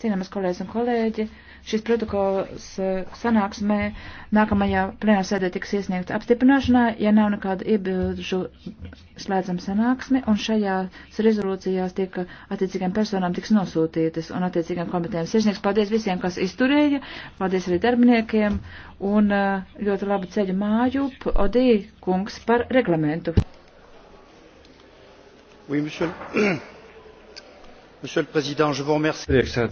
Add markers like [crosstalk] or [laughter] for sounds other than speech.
Cienījamas kolēģis un kolēģi, šis protokols e, sanāksmē nākamajā plenārsēdē tiks iesniegts apstiprināšanā, ja nav nekāda iebilžu slēdzam sanāksmi, un šajās rezolūcijās tiek attiecīgiem personām tiks nosūtītas un attiecīgiem komitējiem. Sirsnieks, paldies visiem, kas izturēja, paldies arī darbiniekiem, un e, ļoti labu ceļu māju, Odī kungs par reglamentu. Oui, monsieur, [clears throat] monsieur le Président, je vous remercie.